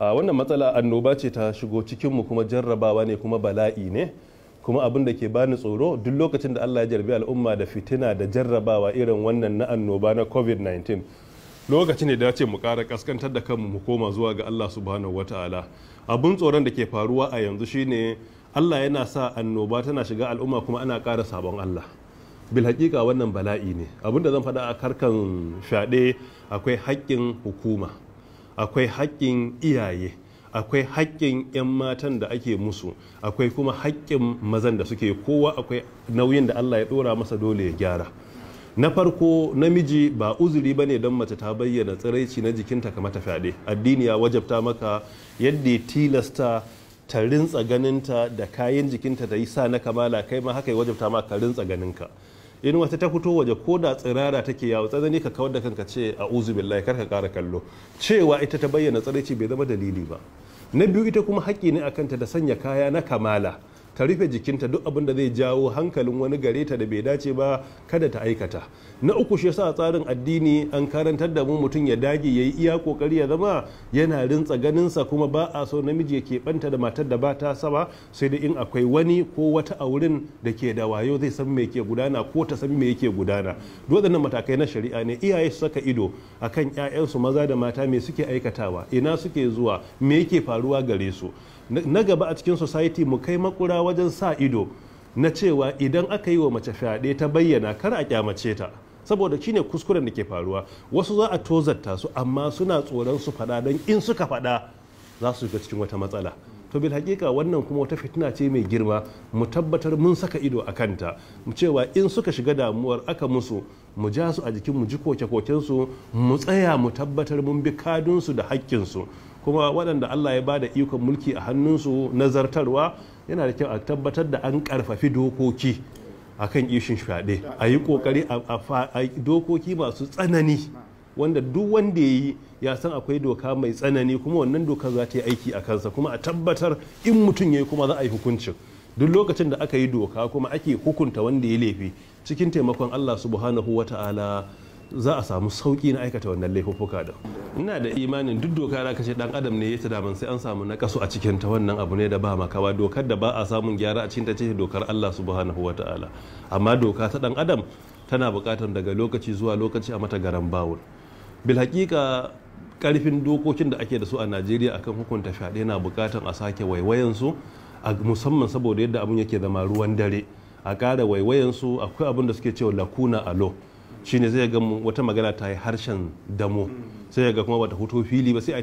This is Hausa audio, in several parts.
wannan matsala annoba ce ta shigo cikinmu kuma jarrabawa ne kuma bala'i ne kuma abin da ke bani tsoro duk lokacin da Allah ya jarbi al'umma da fitina da jarrabawa irin wannan na annoba na covid-19 lokacin ne dace mu kara kaskantar da kanmu mu koma zuwa ga Allah subhanahu wataala abin tsoron da ke faruwa a yanzu shine Allah yana sa annoba tana shiga al'umma kuma ana kara sabon Allah bil hakika wannan bala'i ne abin da zan faɗa a karkan fyaɗe akwai haƙƙin hukuma akwai haƙƙin iyaye akwai haƙƙin 'yan matan da ake musu akwai kuma haƙƙin mazan da suke kowa akwai nauyin da allah ya ɗora masa dole ya gyara na farko namiji ba uzuri ba ne don mace ta bayyana tsiraici na jikinta kamar ta fyaɗe addini ya wajabta maka yadda tilasta ta rintsa ganinta da kayan jikinta ta yi sa na kamala kai ma haka ya wajabta maka ka rintsa ganinka in wata ta fito waje ko da tsirara take yawo tsanani ka kawar da kanka ce a uzu billahi kar ka kara kallo cewa ita ta bayyana tsaraici bai zama dalili ba na biyu ita kuma haƙƙi ne a kanta da sanya kaya na kamala ta rufe jikinta duk abin da zai jawo hankalin wani gare ta da bai dace ba kada ta aikata na uku shi yasa tsarin addini an karantar da mu mutum ya dage ya yi iya kokari ya zama yana rintsa sa kuma ba a so namiji ya keɓanta da matar da ba ta saba sai da in akwai wani ko wata a wurin da ke da wayo zai san me ke gudana ko ta san me yake gudana waɗannan matakai na shari'a ne iyaye su saka ido akan 'ya'yansu maza da mata me suke aikatawa ina suke zuwa me yake faruwa gare su na gaba a cikin society mu kai makura wajen sa ido na cewa idan aka yi wa mace fyaɗe ta bayyana kar a kyamace ta saboda ne kuskuren da ke faruwa wasu za a tozarta su amma suna tsoron su faɗa don in suka faɗa za su shiga cikin wata matsala to bil hakika wannan kuma wata fitina ce mai girma mu tabbatar mun saka ido a kanta mu cewa in suka shiga damuwar aka musu mu ja su a jikin mu ji koke-kokensu mu tsaya mu tabbatar mun bi kadunsu da haƙƙinsu kuma waɗanda Allah ya bada ikon mulki a hannunsu nazartarwa yana da kyau a tabbatar da an ƙarfafi dokoki a kan ishin fyaɗe a yi ƙoƙari a dokoki masu tsanani wanda duk wanda ya yi ya san akwai doka mai tsanani kuma wannan doka za ta yi aiki a kansa kuma a tabbatar in mutum ya yi kuma za a yi hukuncin duk lokacin da aka yi doka kuma ake hukunta wanda ya laifi cikin taimakon allah subhanahu wa ta'ala za a samu sauki na aikata wannan laifuffuka da ina da imanin duk doka da kashe dan adam ne ya daman sai an samu na kaso a cikin ta wannan abu ne da ba makawa dokar da ba a samun gyara a cikin ta ce dokar Allah subhanahu wataala amma doka ta dan adam tana buƙatar daga lokaci zuwa lokaci a mata garan bawul bil hakika karfin dokokin da ake da su a Najeriya akan hukunta fyaɗe na buƙatar a sake waiwayen su musamman saboda yadda abun yake zama ruwan dare a ƙara waiwayan su akwai abin da suke cewa lakuna a lo. shine zai ga wata magana ta yi harshen damo sai ga kuma bata hutu fili ba sai a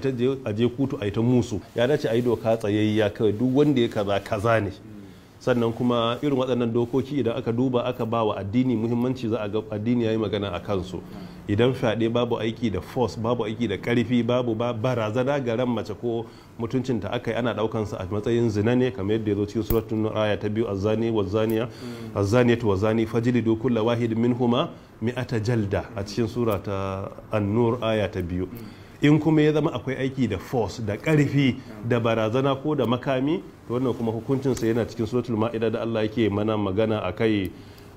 je kutu a yi ta musu ya dace a yi doka tsayayya kawai duk wanda ya kaza kaza ne sannan kuma irin waɗannan dokoki idan aka duba aka ba wa addini muhimmanci za a ga addini ya yi magana a kansu idan fyaɗe babu aiki da force babu aiki da ƙarfi babu barazana ga ran mace ko mutuncin ta aka yi ana ɗaukan sa a matsayin zina ne kamar yadda ya zo cikin suratun aya ta biyu azani wa zaniya ta wazani fajili do kullu wahid minhuma mi'ata jalda a cikin sura ta an aya ta biyu in kuma ya zama akwai aiki da force da karfi da barazana ko da makami to wannan kuma hukuncinsa yana cikin suratul ma'ida da Allah yake mana magana a akai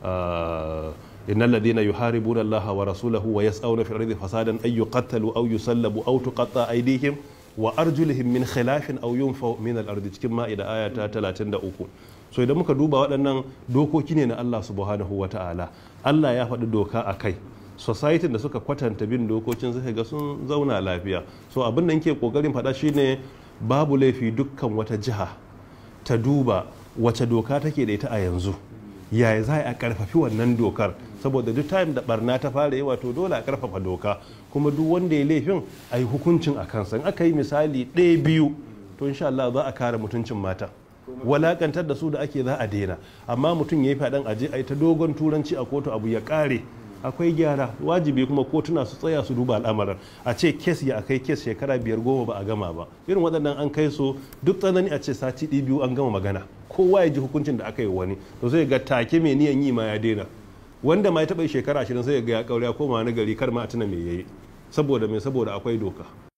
ah, wa rasulahu wa الله ورسوله ويسعون fasadan ay فسادا aw yusallabu aw tuqatta aydihim wa arjuluhum min khilafin aw yunfaw min al الأرض cikin ma'ida ayata 33 so idan muka duba waɗannan dokoki ne na Allah subhanahu wa ta'ala Allah ya faɗi doka a kai society da suka kwatanta bin dokokin zai ga sun zauna lafiya so abin da nke kokarin faɗa shine babu laifi dukkan wata jiha ta duba wace doka take da ita a yanzu yaya za a karfafi wannan dokar saboda duk time da barna ta fara yi wato dole a karfafa doka kuma duk wanda ya laifin a yi hukuncin a kansa in aka yi misali ɗaya biyu to insha Allah za a kare mutuncin mata walakantar da su da ake za a daina amma mutum ya yi faɗan aje a yi ta dogon turanci a kotu abu ya ƙare akwai gyara wajibi kuma kotuna su tsaya su duba al'amarin a ce kes ya akai kes shekara biyar goma ba a gama ba irin waɗannan an kai su duk tsanani a ce sati ɗi biyu an gama magana kowa ya ji hukuncin da aka yi wani to zai ga take mai niyan yi ma ya daina wanda ma ya taɓa shekara ashirin sai ga ya kaure ya koma na gari kar ma a tuna me yayi saboda me saboda akwai doka